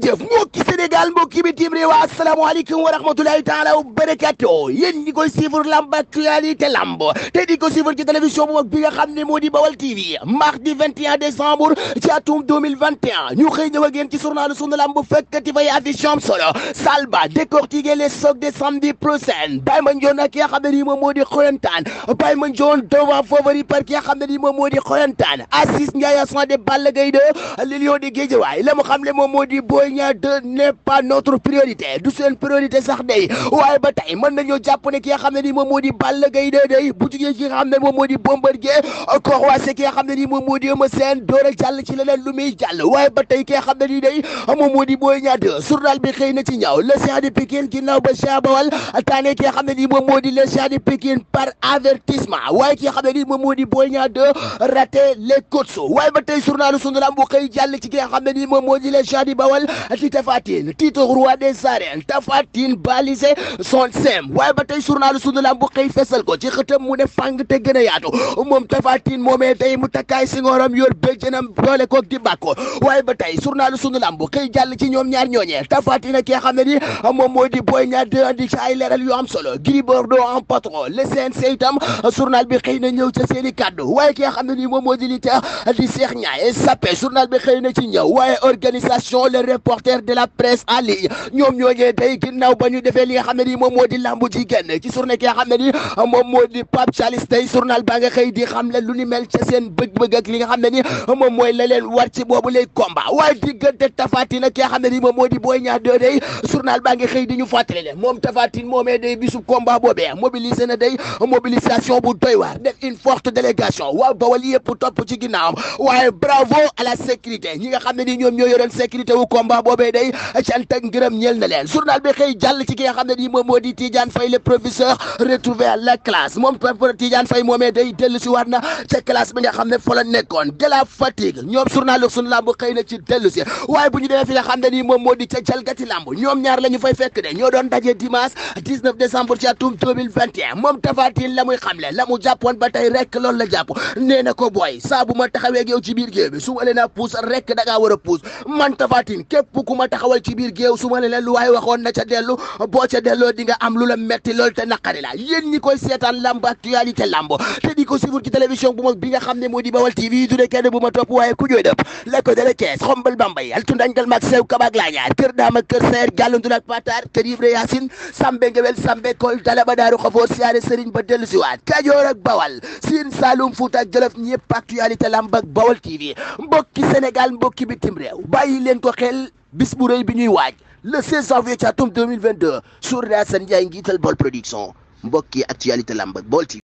Jërëjëf moo kii Sénégal mbokki bitim réew asalaamaaleykum wa rahmatulahi taala wa barakato yéen ñi koy suivre lamb actualité lamb te di ko suivre ci télévision bu mag bi nga xam ne moo di Bawal TV mardi 21 ci atum ñu xëy ñëw ak ci journalu sunu lamb fekkati fay affiche solo Salba décortiquer les chocs de samedi prochain Baye Mandione ak ki nga xam ne moo di xoyantaan Baye Mandione devant favori par ki nga xam ne moo di xoyantaan Assis Ndiaye à pas notre priorité du seen priorité sax day waaye ba tey mën nañoo jàpp ne ki nga xam ne ni moom moo di Balla Gaye de day bu jugee xam ne moom moo di Bombardier korwaase ki nga xam ne ni moom moo di Eumeu Sène door a jàll ci leneen lu muy jàll waaye ba tey ki nga xam ne nii day moom moo di Boy Niang 2 bi xëy na ci ñaaw le géant de Pikine ginnaaw ba Cheikh Bawal taane ki xam ne nii moom moo di le géant de par avertissement waaye ki xam ne nii moom moo di Boy ba tey journalu sunu lamb bu xëy moom moo Tine titre roi des arènes Tapha Tine balisé son sem waaye ba tey journalu sunu lamb bu xëy fesal ko ci xëtam mu ne fàng te gën a yaatu moom Tapha Tine moomee day mu takkaay singooram yor bëjjënam doole koog di bàkkoo waaye ba tey journalu bu xëy jàll ci ñoom ñaar ñooñee Tapha Tine ak xam ne ni moom moo di Boy Niang 2 andi ci ay leeral yu am solo Gris Bordeaux en patron le CNG itam journal bi xëy na ñëw ca seeni kàddu waaye ki xam ne ni moom moo di li di Cheikh Ndiaye sappe xëy na ci ñëw waaye organisation le reporter de la presse presse en ligne ñoom ñooñee tey ginnaaw ba ñu defee li nga xam ne nii moom moo di lambu ci journée ki nga xam ne nii xam la lu ni mel ca seen bëgg-bëgg ak li nga xam ne nii moom mooy la leen war ci boobu lay combat waaye diggante Tafatine ak ki nga xam ne nii moom moo di Boy Niang 2 day journal baa nga xëy di ñu fàttali leen moom Tafatine moomee day bisu combat boobee mobilisé na day mobilisation bu doy waar def une forte délégation waaw bawal yëpp topp ci ginnaawam waaye bravo a la sécurité ñi nga xam ne nii ñoom cant ak ngërëm na leen journal bi xëy jàll ci ki nga xam ne nii moom moo di Tidiane Faye le professeur retrouvé à la classe moom Tidiane Faye moomee day dellu si waat na ca classe bi nga xam ne fa nekkoon de fatigue ñoom journal ak sunu làmb xëy na ci dellu si waaye bu ñu demee fi nga xam ne nii moom moo di ca jalgati làmb ñoom ñaar la fay fekk de ñoo doon daje dimanche 19 décembre ci atum 2021 moom Tapha Tine la muy xamle la mu ba tey a puus rek ci biir géew su ma ne leen lu waaye waxoon na ca dellu boo ca delloo di nga am lu la metti loolu te naqari la yéen ñi koy seetaan lamb actualité lamb te di ko suivre ci télévision bu mag bi nga xam ne moo di Baol TV du ne kenn bu ma topp waaye ku jooy dëpp la ko dale Cees xombal bambay altundañ gal maag sew kabaak laañaar kër daama kër saer jàllondun ak patar kër Ibra Yaasin sambe ngewel sambe kol dala ba siyaare sëriñ ba dellu siwaat Kajoor ak Bawal Siin Saalum Fuuta ak Jolof ñëpp actualité lamb ak Baol TV mbokki Sénégal mbokki bitim réew bàyyi leen bis bu rëy bi ñuy waaj le 16 janvier ci atum 2022 sur Assane Ndiaye njiital Baol Production mbokki actualité lamb bool TV